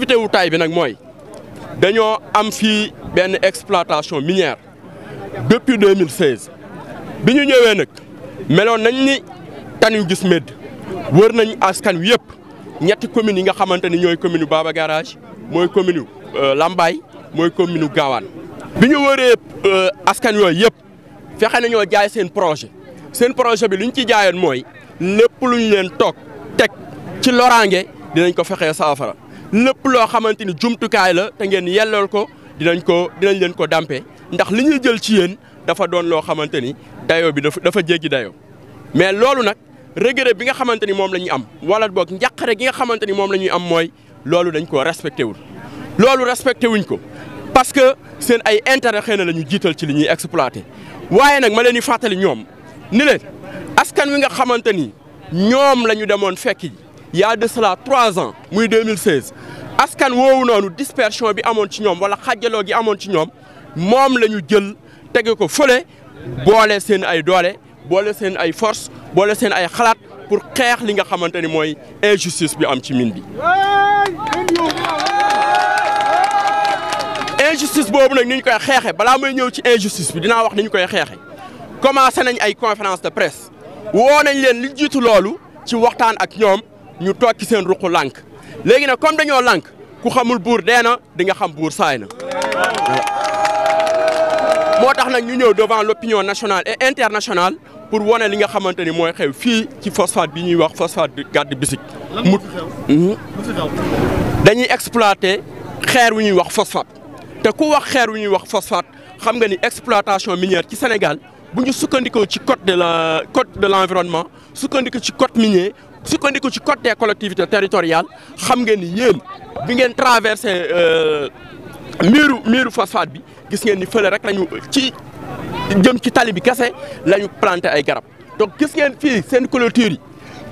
activité wu bi nag mooy dañoo am fii benn exploitation minière depuis 2016 bi ñu ñëwee nag meloon nañ ni tan gis médd wër nañ askan wi yëpp ñetti communes yi nga xamante ni ñooy commune Baba Garage mooy commune euh, lambaay mooy commune Gawane bi ñu wëree euh, askan yooyu yëpp fexe nañoo jaay seen projet seen projet bi lu ñu ci jaayoon mooy lépp lu ñu leen toog teg ci loraange dinañ ko fexee saafara lépp loo xamante ni jumtukaay la te ngeen yellool ko dinañ ko dinañ leen ko dàmpe ndax li ñuy jël ci yéen dafa doon loo xamante ni dayoo bi dafa dafa jéggi dayoo mais loolu nag regret bi nga xamante ni moom la ñuy am wala boog njàqare gi nga xamante ni moom la ñuy am mooy loolu dañ ko respecté wul loolu respecté wuñ ko parce que seen ay intérêt xëy na la ñu jiital ci li ñuy exploité waaye nag ma leen di fàttali ñoom ni leen askan wi nga xamante ni ñoom la ñu demoon fekk ji y a de cela trois ans muy 2016 askan woowu noonu dispersion bi amoon ci ñoom wala xàjjaloo gi amoon ci ñoom moom la ñu jël tege ko fole boole seen ay doole boole seen ay force boole seen ay xalaat pour xeex li nga xamante ni mooy injustice bi am ci mine bi. injustice boobu nag ni ñu koy xeexe balaa mooy ñëw ci injustice bi dinaa wax ni ñu koy xeexe commencé nañu ay conférence de presse woo nañ leen li jiitu loolu ci waxtaan ak ñoom. ñu toog ci seen ruq lànk léegi nag comme dañoo lànk ku xamul buur dee na di nga xam buur saay na moo tax nag ñu ñëw devant l'opinion nationale et internationale pour wane li nga xamante ni mooy xew fii ci phosphate bi ñuy wax phosphate bi gàdd bisik mu mhm. dañuy exploiter xeer wu ñuy wax phosphate te ku wax xeer wu ñuy wax phosphate xam nga ni exploitation minière ci Sénégal bu ñu sukkandikoo ci code de la code de l'environnement sukkandiku ci code minier sukkandiku ci code des collectivités territoriales xam ngeen ni yéen bi ngeen traversé euh, miiru miiru phosphate bi gis ngeen ni fële rek lañu ci jëm ci tali bi kese la ñu ay garab donc gis ngeen fii seen clôture yi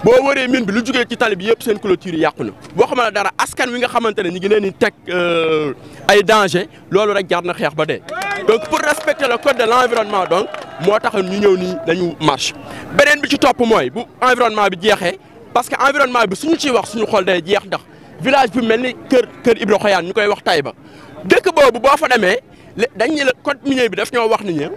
boo waree mine bi lu jugee ci tali bi yëpp seen clôture yi yàqu na boo xam ne dara askan wi nga xamante ne ñu ngi leen di teg euh, ay danger loolu rek jar na xeex ba dee donc pour respecter la code de l'environnement donc moo taxoon ñu ñëw nii dañu marche beneen bi ci topp mooy bu environnement bi jeexee. parce que environnement bi suñu ciy wax suñu xol day jeex ndax village bi mel ni kër kër Ibra Xoyaan ñu koy wax ba dëkk boobu boo fa demee dañ ne la code minier bi daf ñoo wax ni ñu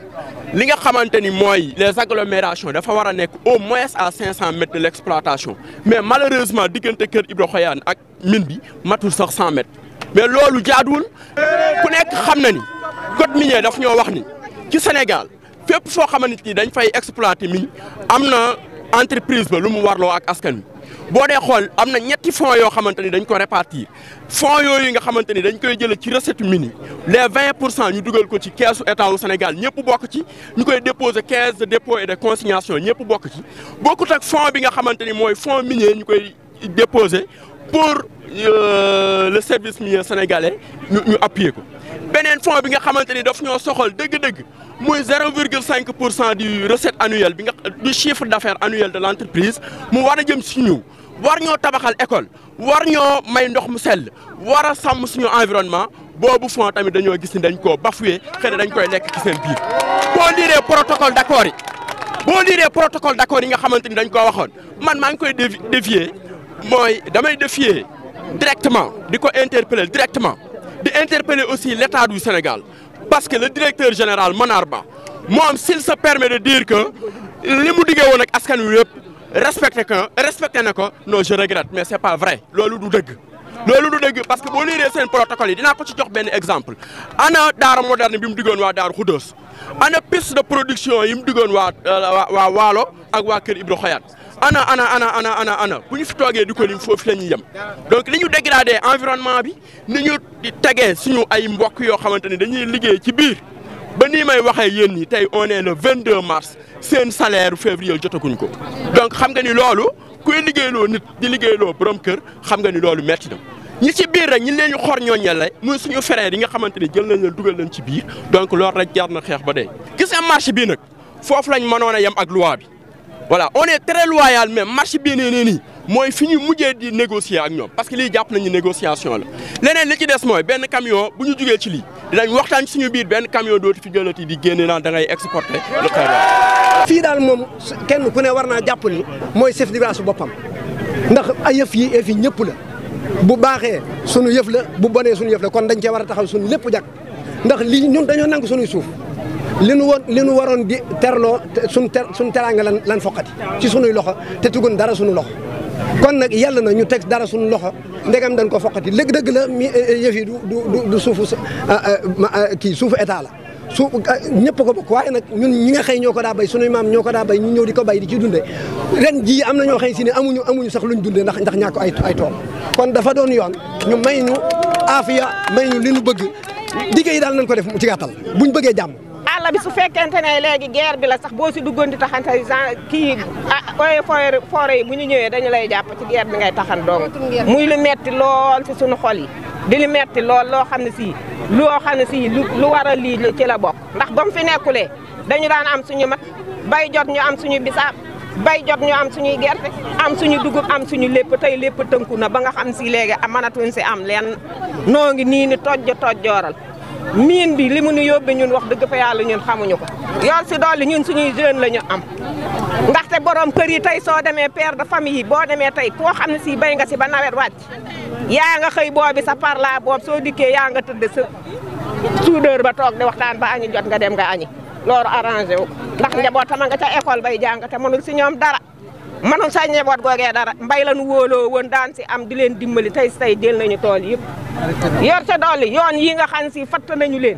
li nga xamante ni mooy les agglomérations dafa war a nekk au moins à 500 mètres de l' exploitation mais malheureusement diggante kër Ibra Xoyaan ak mine bi matul sax 100 mais loolu jaaduwul ku nekk xam na ni code minier daf ñoo wax ni ci Sénégal fépp foo xamante ni dañ fay exploiter mine am na entreprise ba lu mu warloo ak askan wi boo dee xool am na ñetti fonds yoo xamante ni dañ ko répartir fonds yooyu nga xamante ni dañ koy jëlee ci recette mini les vingt pour cent ñu dugal ko ci keesu état wu Sénégal ñëpp bokk ci ñu koy déposer caisse de dépôt et de consignation ñëpp bokk ci bokkut bi nga xamante ni mooy fonds minier ñu koy déposer pour euh, le service minier sénégalais ñu ñu ko. beneen fon bi nga xamante ni daf ñoo soxal dëgg-dëgg muy 0,5 pour cent du recette annuelle bi nga du chiffre d'affaires annuel de l'entreprise mu war a jëm si ñu. war ñoo tabaxal école war ñoo may ndox mu sell war a sàmm suñu environnement boobu fond tamit dañoo gis ni dañ koo bafoué xëy na dañ koy lekk ci seen biir. boo liiree protocole d'accord yi boo liiree protocole d'accord yi nga xamante ni dañ koo waxoon man maa ngi koy défier mooy damay défier directement di ko interpeller directement di interpeller aussi l'État du Sénégal parce que le directeur général Manar Ba moom s'il sa permet de dire que li mu diggee woon ak askan wi yëpp. respecté ko respecté na ko non je regrette mais c'est pas vrai loolu du dëgg. loolu du dëgg parce que boo liiree seen protocole yi dinaa ko ci benn exemple ana daara moderne bi mu diggoon waa Daaru Xuddoos ana piste de production yi mu diggoon euh, waa waa Waalo ak waa Kër Ibra Xoyat ana ana ana ana ana ana bu ñu fi toogee di ko lim foofu la ñuy yem donc ni ñu dégradé environnement bi ni ñu tegee suñu ay mbokk yoo xamante ni dañuy liggéey ci biir. ba nii may waxee yéen ñi tey on est le 22 mars seen salaire février jotaguñ ko donc xam nga ni loolu kuy liggéeyloo nit di liggéeyloo borom kër xam nga ni loolu metti na ñi ci biir rek ñi leen ñu xor ñooñu la muy suñu frère yi nga xamante ni jël nañ leen dugal leen ci biir donc loolu rek jar na xeex ba dee. gis nga bii nag foofu lañ mënoon a yem ak loi bi voilà on est très loyal même marché bii nee nii. mooy fi ñu mujjee di négocier ak ñoom parce que lii jàpp nañu négociation la leneen li ci des mooy benn camion bu ñu jugee ci lii dinañ waxtaan ci suñu biir benn camion dootu fi jëlati di génne naan dangay ngay exporter le fii daal moom kenn ku ne war naa jàpp ni mooy chef de village boppam ndax ay yëf yi yëf yi ñëpp la bu baaxee sunu yëf la bu bonee sunu yëf la kon dañ cee war a taxaw sunu lépp jag ndax lii ñun dañoo nangu sunuy suuf. li nu woon li nu waroon di terloo suñ ter suñ teraanga lan lan foqati ci sunuy loxo te tugun dara sunu loxo kon nag yàlla na ñu teg dara suñu loxo ndegam dañ ko foqati léegi dëgg la mi eh, yëf yi du du du suufu ah, ah, ah, kii suufu état la. su ñëpp ko bokk waaye nag ñun ñi nga xëy ñoo ko daa bay sunuy maam ñoo ko daa béy ñu ñëw di ko béy di ci dundee ren jii am na ñoo xëy si ne amuñu amuñu sax luñ dundee ndax ndax ñàkk ay ay tool kon dafa doon yoon ñu may ñu aafiya may ñu li ñu bëgg liggéey daal nañ ko def mu ci bu ñu bëggee jàmm. àll bi su fekkente ne léegi guerre bi la sax boo si duggoon di taxante gen kii ah ooye foore yi bu ñu ñëwee dañu lay jàpp ci guerre bi ngay taxan dong muy lu metti lool si suñu xol yi di lu metti lool loo xam ne sii loo xam ne si lu war a lii ci la bokk ndax ba mu fi nekkulee dañu daan am suñu mat bay jot ñu am suñu bisa bay jot ñu am suñuy gerte am suñu dugub am suñu lépp tey lépp tënku na ba nga xam si léegi mënatuñ si am leen noo ngi nii ni toj jojooral miin bi li mu nu yóbbee ñun wax dëgg fa yàlla ñun xamuñu ko yool si dolli ñun suñuy jeune la ñu am ndaxte borom kër yi tey soo demee père de famille yi boo demee tey koo xam ne si bay nga si ba nawet wàcc yaa nga xëy boobi sa parlaa boobu soo dikkee yaa nga tëdd sa soudeur ba toog di waxtaan ba añi jot nga dem nga añi loolu arrangé wu ndax njabootam nga ca école bay jàng te mënul si ñoom dara mënuñ sa njaboot googee dara mbay la nu wóoloo woon daan si am di leen dimbali tey si tey jël nañu tool yëpp. yor sa doole yoon yii nga xam si fatt nañu leen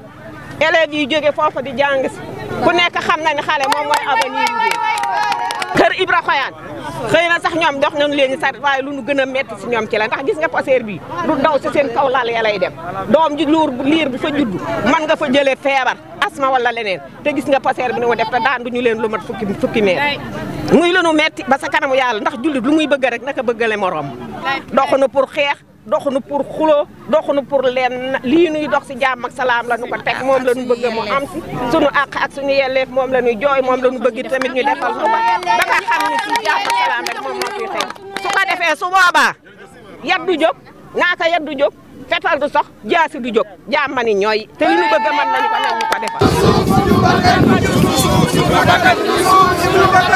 élèves yi jóge foofa di jàng si ku nekk xam na ne xale moom mooy avenir bi kër Ibra Xoyaan xëy na sax ñoom dox nañu leen sar waaye lu ñu gën a métti si ñoom ci la ndax gis nga poseer bi lu daw si seen kaw lal ya lay dem doom ji luur liir bu fa judd man nga fa jëlee feebar asma wala leneen te gis nga poseer bi ni mu def te daan du ñu leen lu mat fukki fukki meer muy lu nu metti ba sa kanamu yàlla ndax jullit lu muy bëgg rek naka bëggale moroom dox na pour xeex doxunu pour xuloo doxunu pour leen lii nuy dox si jàmm ak salaam la nu ko teg moom la nu bëgg mu am si sunu àq ak suñu yelleef moom la ñuy jooy moom la nu bëgg tamit ñu defal nu ba ba nga xam si jàmm salaam rek moom moo fiy su ko su boobaa yat du jóg naaka yat du jóg fetal du sox jaasi du jóg jàmma ni te nu bëgg mën nañu ko nag ñu ko